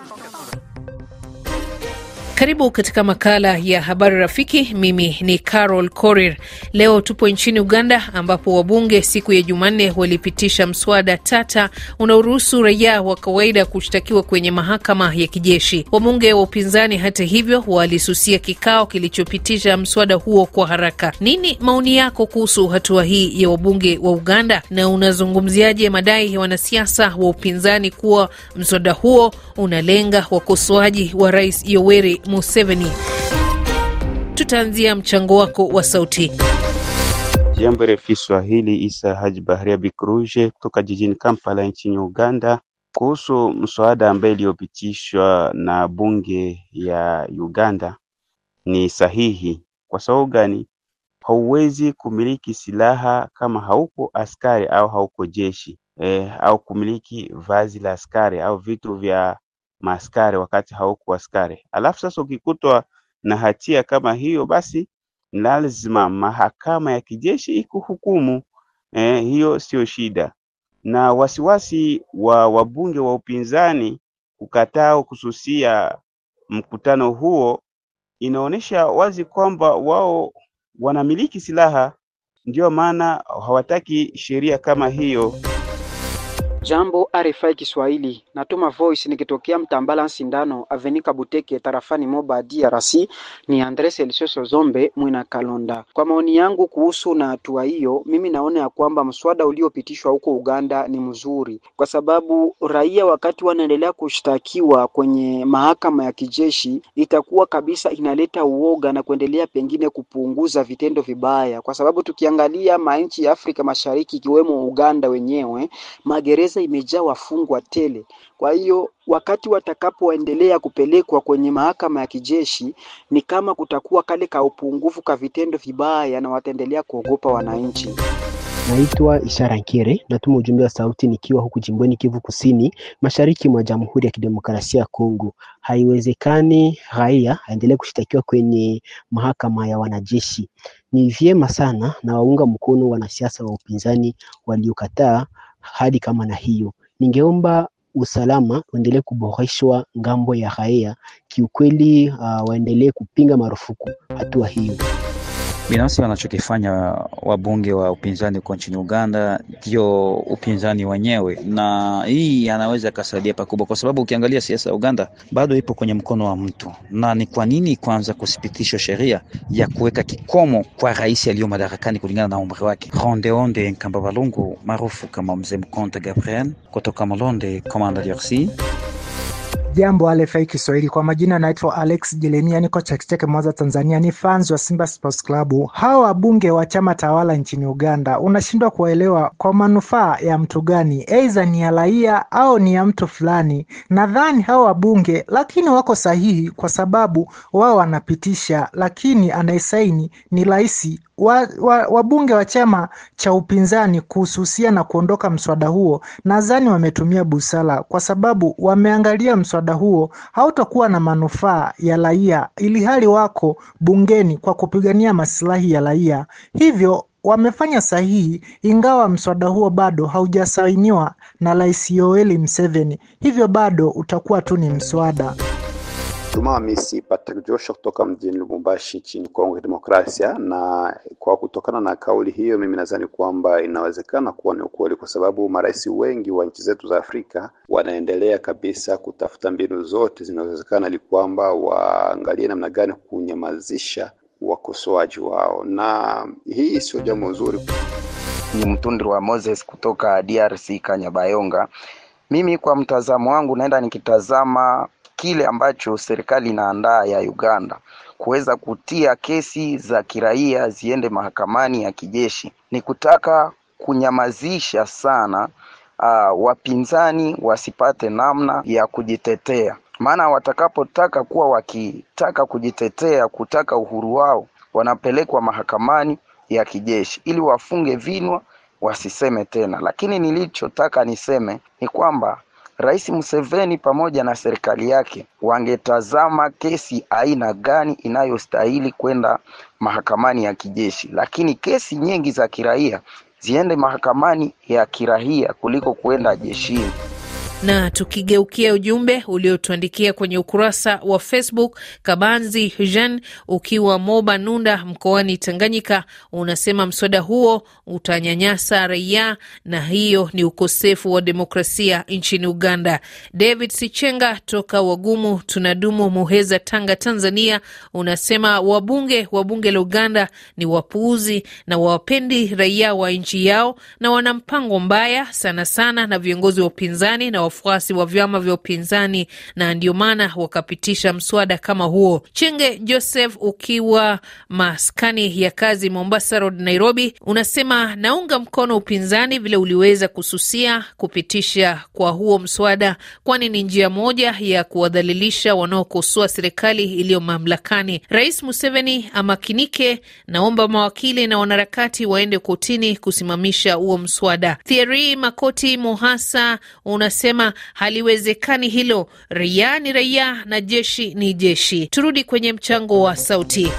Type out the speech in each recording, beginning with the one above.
un po' che Karibu katika makala ya habari rafiki. Mimi ni Carol Korir. Leo tupo nchini Uganda ambapo wabunge siku ya Jumanne walipitisha mswada tata unaoruhusu raia wa kawaida kushtakiwa kwenye mahakama ya kijeshi. Wabunge wa upinzani, hata hivyo, walisusia kikao kilichopitisha mswada huo kwa haraka. Nini maoni yako kuhusu hatua hii ya wabunge wa Uganda na unazungumziaje madai ya wanasiasa wa upinzani kuwa mswada huo unalenga wakosoaji wa Rais Yoweri Museveni. Tutaanzia mchango wako wa sauti. Jambo refu Swahili, Isa Haji Baharia Bikruje kutoka jijini Kampala nchini Uganda, kuhusu mswada ambaye iliyopitishwa na bunge ya Uganda ni sahihi. Kwa sababu gani? Hauwezi kumiliki silaha kama hauko askari au hauko jeshi eh, au kumiliki vazi la askari au vitu vya maaskari wakati hauku askari. Alafu sasa ukikutwa na hatia kama hiyo, basi lazima mahakama ya kijeshi ikuhukumu. Eh, hiyo sio shida. Na wasiwasi wa wabunge wa upinzani kukataa kususia mkutano huo inaonyesha wazi kwamba wao wanamiliki silaha, ndiyo maana hawataki sheria kama hiyo. Jambo RFI Kiswahili, natuma voice nikitokea Mtambala Sindano Avenika Buteke, tarafani Moba, DRC. Ni Andres Elisoso Zombe Mwina Kalonda. Kwa maoni yangu kuhusu na hatua hiyo, mimi naona ya kwamba mswada uliopitishwa huko Uganda ni mzuri, kwa sababu raia wakati wanaendelea kushtakiwa kwenye mahakama ya kijeshi itakuwa kabisa inaleta uoga na kuendelea pengine kupunguza vitendo vibaya, kwa sababu tukiangalia manchi ya Afrika Mashariki ikiwemo Uganda wenyewe magereza Gereza imejaa wafungwa tele. Kwa hiyo wakati watakapoendelea kupelekwa kwenye mahakama ya kijeshi, ni kama kutakuwa kale ka upungufu ka vitendo vibaya na wataendelea kuogopa wananchi. Naitwa Ishara Nkere, natuma ujumbe wa sauti nikiwa huku jimboni Kivu Kusini, mashariki mwa Jamhuri ya Kidemokrasia ya Kongo. Haiwezekani raia aendelee kushitakiwa kwenye mahakama ya wanajeshi. Ni vyema sana na waunga mkono wanasiasa wa upinzani waliokataa hali kama na hiyo. Ningeomba usalama uendelee kuboreshwa ngambo ya raia, kiukweli uh, waendelee kupinga marufuku hatua hiyo. Binafsi wanachokifanya wabunge wa upinzani huko nchini Uganda ndio upinzani wenyewe, na hii anaweza akasaidia pakubwa, kwa sababu ukiangalia siasa ya Uganda bado ipo kwenye mkono wa mtu. Na ni kwa nini kwanza kusipitishwa sheria ya kuweka kikomo kwa rais aliyo madarakani kulingana na umri wake? Rondeonde Nkamba Balungu maarufu kama Mzee Mkonte Gabriel kutoka Molonde, Komanda DRC. Jambo RFI Kiswahili, kwa majina naitwa Alex Jeremia, niko Chakechake, Mwanza, Tanzania. Ni fans wa Simba Sports Club. Hawa wabunge wa chama tawala nchini Uganda unashindwa kuwaelewa kwa manufaa ya mtu gani, aidha ni ya raia au ni ya mtu fulani. Nadhani hawa wabunge, lakini wako sahihi, kwa sababu wao wanapitisha, lakini anayesaini ni rais Wabunge wa chama cha upinzani kuhususia na kuondoka mswada huo nadhani wametumia busara kwa sababu wameangalia mswada huo hautakuwa na manufaa ya raia ili hali wako bungeni kwa kupigania maslahi ya raia. Hivyo wamefanya sahihi ingawa mswada huo bado haujasainiwa na Rais Yoweri Museveni. Hivyo bado utakuwa tu ni mswada. Duma misi Patrick Joshua kutoka mjini Lubumbashi nchini Kongo Demokrasia. Na kwa kutokana na kauli hiyo, mimi nadhani kwamba inawezekana kuwa ni ukweli, kwa sababu marais wengi wa nchi zetu za Afrika wanaendelea kabisa kutafuta mbinu zote zinazowezekana ili kwamba waangalie namna gani kunyamazisha wakosoaji wao, na hii sio jambo nzuri. Ni mtundri wa Moses kutoka DRC Kanyabayonga. Mimi kwa mtazamo wangu naenda nikitazama kile ambacho serikali inaandaa ya Uganda kuweza kutia kesi za kiraia ziende mahakamani ya kijeshi ni kutaka kunyamazisha sana uh, wapinzani wasipate namna ya kujitetea, maana watakapotaka kuwa wakitaka kujitetea, kutaka uhuru wao, wanapelekwa mahakamani ya kijeshi ili wafunge vinwa wasiseme tena. Lakini nilichotaka niseme ni kwamba Rais Museveni pamoja na serikali yake wangetazama kesi aina gani inayostahili kwenda mahakamani ya kijeshi, lakini kesi nyingi za kiraia ziende mahakamani ya kiraia kuliko kwenda jeshini. Na tukigeukia ujumbe uliotuandikia kwenye ukurasa wa Facebook, Kabanzi Jean ukiwa Moba Nunda mkoani Tanganyika, unasema mswada huo utanyanyasa raia na hiyo ni ukosefu wa demokrasia nchini Uganda. David Sichenga toka Wagumu tunadumu Muheza, Tanga, Tanzania, unasema wabunge wa bunge la Uganda ni wapuuzi na wawapendi raia wa nchi yao na wana mpango mbaya sana sana na viongozi wa upinzani na wafuasi wa vyama vya upinzani, na ndio maana wakapitisha mswada kama huo. Chenge Joseph, ukiwa maskani ya kazi Mombasa Road, Nairobi, unasema naunga mkono upinzani vile uliweza kususia kupitisha kwa huo mswada, kwani ni njia moja ya kuwadhalilisha wanaokosoa serikali iliyo mamlakani. Rais Museveni amakinike, naomba mawakili na wanaharakati waende kotini kusimamisha huo mswada. Thierry Makoti Mohasa unasema amesema haliwezekani hilo, raia ni raia na jeshi ni jeshi. Turudi kwenye mchango wa sauti.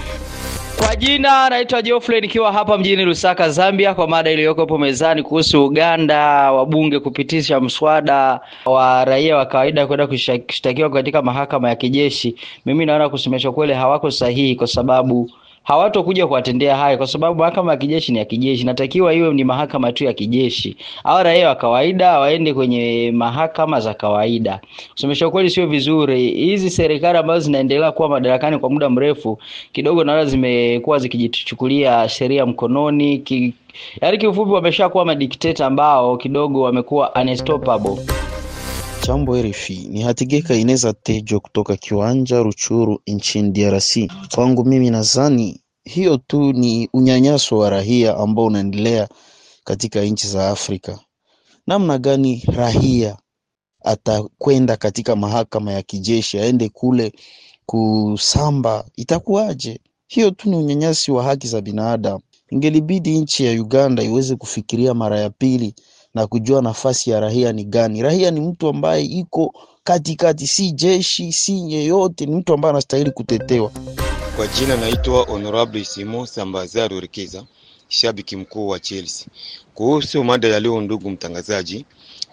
Kwa jina naitwa Geoffrey nikiwa hapa mjini Lusaka, Zambia, kwa mada iliyokopo mezani kuhusu Uganda, wabunge kupitisha mswada wa raia wa kawaida kwenda kushtakiwa katika mahakama ya kijeshi. Mimi naona kusemeshwa kweli hawako sahihi, kwa sababu hawatokuja kuwatendea hayo, kwa sababu mahakama ya kijeshi ni ya kijeshi, natakiwa iwe ni mahakama tu ya kijeshi. Au raia wa kawaida waende kwenye mahakama za kawaida. Kusomesha kweli sio vizuri. Hizi serikali ambazo zinaendelea kuwa madarakani kwa muda mrefu kidogo, naona zimekuwa zikijichukulia sheria mkononi ki, yaani kiufupi, wameshakuwa madikteta ambao kidogo wamekuwa unstoppable. Jambo RFI, ni Hatigeka Ineza Tejo kutoka Kiwanja Ruchuru nchini DRC. Kwangu mimi nadhani hiyo tu ni unyanyaso wa rahia ambao unaendelea katika nchi za Afrika. Namna gani rahia atakwenda katika mahakama ya kijeshi aende kule kusamba, itakuwaje? Hiyo tu ni unyanyasi wa haki za binadamu. Ingelibidi nchi ya Uganda iweze kufikiria mara ya pili na kujua nafasi ya rahia ni gani. rahia ni mtu ambaye iko katikati kati, si jeshi si yeyote, ni mtu ambaye anastahili kutetewa. Kwa jina naitwa Honorable Simo Sambazaru Rikiza, shabiki mkuu wa Chelsea. Kuhusu mada ya leo, ndugu mtangazaji,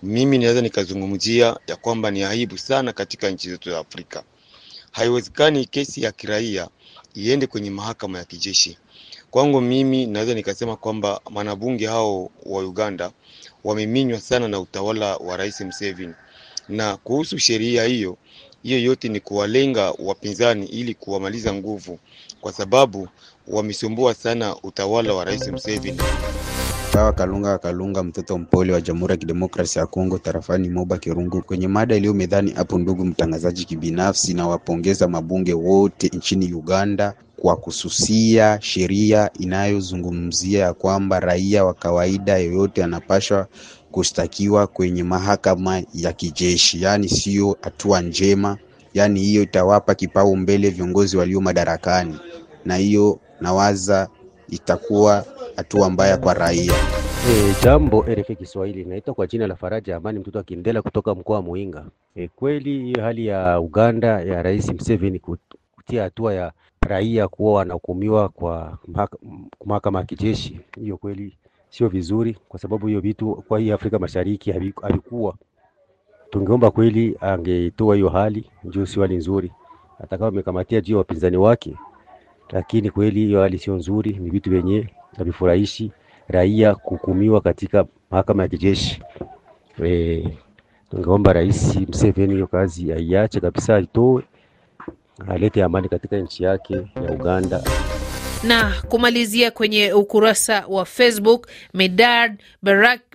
mimi naweza nikazungumzia ya kwamba ni aibu sana katika nchi zetu za Afrika. Haiwezekani kesi ya kiraia iende kwenye mahakama ya kijeshi. Kwangu mimi naweza nikasema kwamba manabunge hao wa Uganda wameminywa sana na utawala wa Rais Museveni. Na kuhusu sheria hiyo hiyo, yote ni kuwalenga wapinzani ili kuwamaliza nguvu, kwa sababu wamesumbua sana utawala wa Rais Museveni. Sawa, Kalunga Kalunga, mtoto mpole wa Jamhuri ya Kidemokrasia ya Kongo, tarafani Moba Kirungu. Kwenye mada iliyo medhani hapo, ndugu mtangazaji, kibinafsi na wapongeza mabunge wote nchini Uganda kwa kususia sheria inayozungumzia ya kwamba raia wa kawaida yoyote anapashwa kushtakiwa kwenye mahakama ya kijeshi, yaani siyo hatua njema. Yaani hiyo itawapa kipao mbele viongozi walio madarakani, na hiyo nawaza itakuwa hatua mbaya kwa raia. E, jambo RFI Kiswahili, naitwa kwa jina la Faraja Amani mtoto wa Kindela kutoka mkoa wa Muinga. E, kweli hiyo hali ya Uganda ya Rais Museveni kutia hatua ya raia kuwa wanahukumiwa kwa mahakama ya kijeshi. Hiyo kweli sio vizuri, kwa sababu hiyo vitu kwa hii Afrika Mashariki havikuwa. Tungeomba kweli angetoa hiyo hali, juu sio hali nzuri, hata kama amekamatia juu ya wapinzani wake, lakini kweli hiyo hali sio nzuri, ni vitu vyenye havifurahishi raia kuhukumiwa katika mahakama ya kijeshi. E, tungeomba Rais Museveni hiyo kazi aiache kabisa, aitoe alete amani katika nchi yake ya Uganda. Na kumalizia kwenye ukurasa wa Facebook, Medard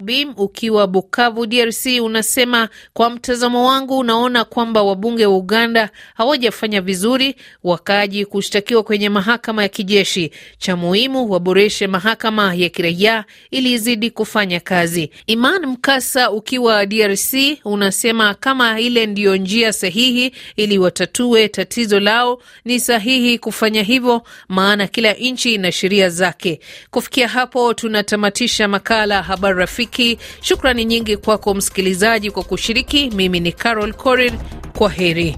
Bim ukiwa Bukavu, DRC, unasema kwa mtazamo wangu, unaona kwamba wabunge wa Uganda hawajafanya vizuri wakaji kushtakiwa kwenye mahakama ya kijeshi. Cha muhimu waboreshe mahakama ya kiraia ili izidi kufanya kazi. Iman Mkasa ukiwa DRC unasema kama ile ndiyo njia sahihi ili watatue tatizo lao, ni sahihi kufanya hivyo, maana kila nchi na sheria zake. Kufikia hapo tunatamatisha makala ya habari rafiki. Shukrani nyingi kwako msikilizaji kwa kushiriki. Mimi ni Carol Korir, kwa heri.